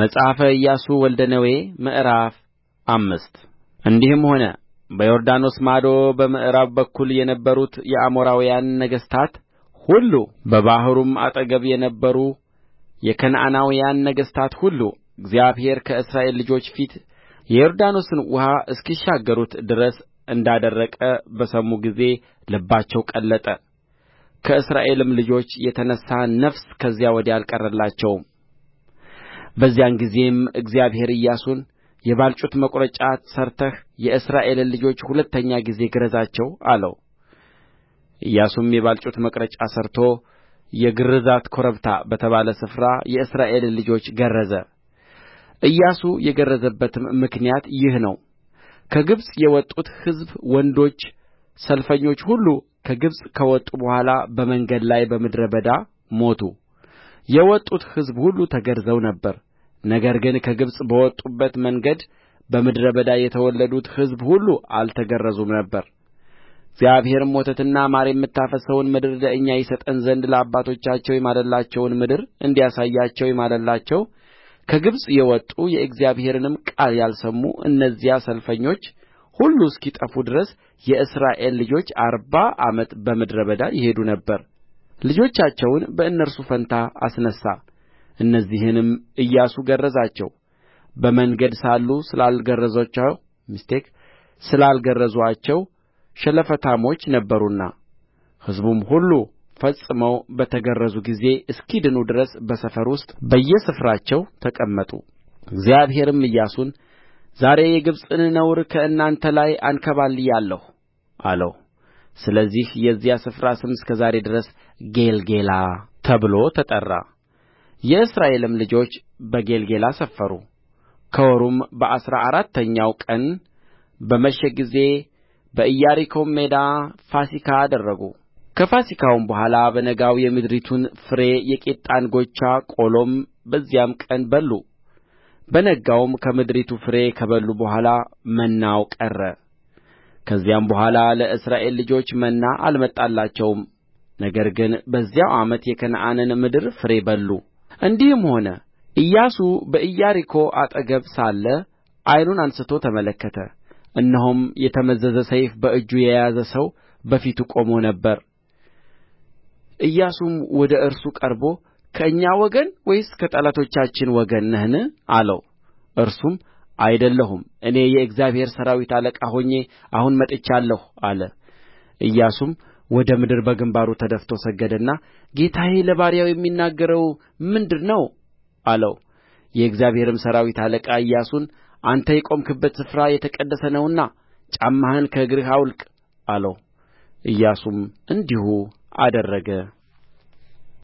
መጽሐፈ ኢያሱ ወልደ ነዌ ምዕራፍ አምስት እንዲህም ሆነ በዮርዳኖስ ማዶ በምዕራብ በኩል የነበሩት የአሞራውያን ነገሥታት ሁሉ በባሕሩም አጠገብ የነበሩ የከነዓናውያን ነገሥታት ሁሉ እግዚአብሔር ከእስራኤል ልጆች ፊት የዮርዳኖስን ውኃ እስኪሻገሩት ድረስ እንዳደረቀ በሰሙ ጊዜ ልባቸው ቀለጠ። ከእስራኤልም ልጆች የተነሣ ነፍስ ከዚያ ወዲያ አልቀረላቸውም። በዚያን ጊዜም እግዚአብሔር ኢያሱን የባልጩት መቍረጫ ሠርተህ የእስራኤልን ልጆች ሁለተኛ ጊዜ ግረዛቸው አለው። ኢያሱም የባልጩት መቍረጫ ሠርቶ የግርዛት ኮረብታ በተባለ ስፍራ የእስራኤልን ልጆች ገረዘ። ኢያሱ የገረዘበትም ምክንያት ይህ ነው። ከግብፅ የወጡት ሕዝብ ወንዶች ሰልፈኞች ሁሉ ከግብፅ ከወጡ በኋላ በመንገድ ላይ በምድረ በዳ ሞቱ። የወጡት ሕዝብ ሁሉ ተገርዘው ነበር። ነገር ግን ከግብፅ በወጡበት መንገድ በምድረ በዳ የተወለዱት ሕዝብ ሁሉ አልተገረዙም ነበር እግዚአብሔርም ወተትና ማር የምታፈስሰውን ምድር ለእኛ ይሰጠን ዘንድ ለአባቶቻቸው የማለላቸውን ምድር እንዲያሳያቸው የማለላቸው ከግብፅ የወጡ የእግዚአብሔርንም ቃል ያልሰሙ እነዚያ ሰልፈኞች ሁሉ እስኪጠፉ ድረስ የእስራኤል ልጆች አርባ ዓመት በምድረ በዳ ይሄዱ ነበር ልጆቻቸውን በእነርሱ ፋንታ አስነሣ እነዚህንም ኢያሱ ገረዛቸው በመንገድ ሳሉ ስላልገረዙአቸው ሸለፈታሞች ነበሩና ሕዝቡም ሁሉ ፈጽመው በተገረዙ ጊዜ እስኪድኑ ድረስ በሰፈር ውስጥ በየስፍራቸው ተቀመጡ። እግዚአብሔርም ኢያሱን ዛሬ የግብፅን ነውር ከእናንተ ላይ አንከባልያለሁ አለው። ስለዚህ የዚያ ስፍራ ስም እስከ ዛሬ ድረስ ጌልጌላ ተብሎ ተጠራ። የእስራኤልም ልጆች በጌልገላ ሰፈሩ ከወሩም በአሥራ አራተኛው ቀን በመሸ ጊዜ በኢያሪኮም ሜዳ ፋሲካ አደረጉ። ከፋሲካውም በኋላ በነጋው የምድሪቱን ፍሬ የቂጣ እንጎቻ ቆሎም በዚያም ቀን በሉ። በነጋውም ከምድሪቱ ፍሬ ከበሉ በኋላ መናው ቀረ። ከዚያም በኋላ ለእስራኤል ልጆች መና አልመጣላቸውም። ነገር ግን በዚያው ዓመት የከነዓንን ምድር ፍሬ በሉ። እንዲህም ሆነ ኢያሱ በኢያሪኮ አጠገብ ሳለ ዓይኑን አንሥቶ ተመለከተ እነሆም የተመዘዘ ሰይፍ በእጁ የያዘ ሰው በፊቱ ቆሞ ነበር ኢያሱም ወደ እርሱ ቀርቦ ከእኛ ወገን ወይስ ከጠላቶቻችን ወገን ነህን አለው እርሱም አይደለሁም እኔ የእግዚአብሔር ሠራዊት አለቃ ሆኜ አሁን መጥቻለሁ አለ ኢያሱም ወደ ምድር በግምባሩ ተደፍቶ ሰገደና ጌታዬ ለባሪያው የሚናገረው ምንድር ነው አለው የእግዚአብሔርም ሠራዊት አለቃ ኢያሱን አንተ የቆምህበት ስፍራ የተቀደሰ ነውና ጫማህን ከእግርህ አውልቅ አለው ኢያሱም እንዲሁ አደረገ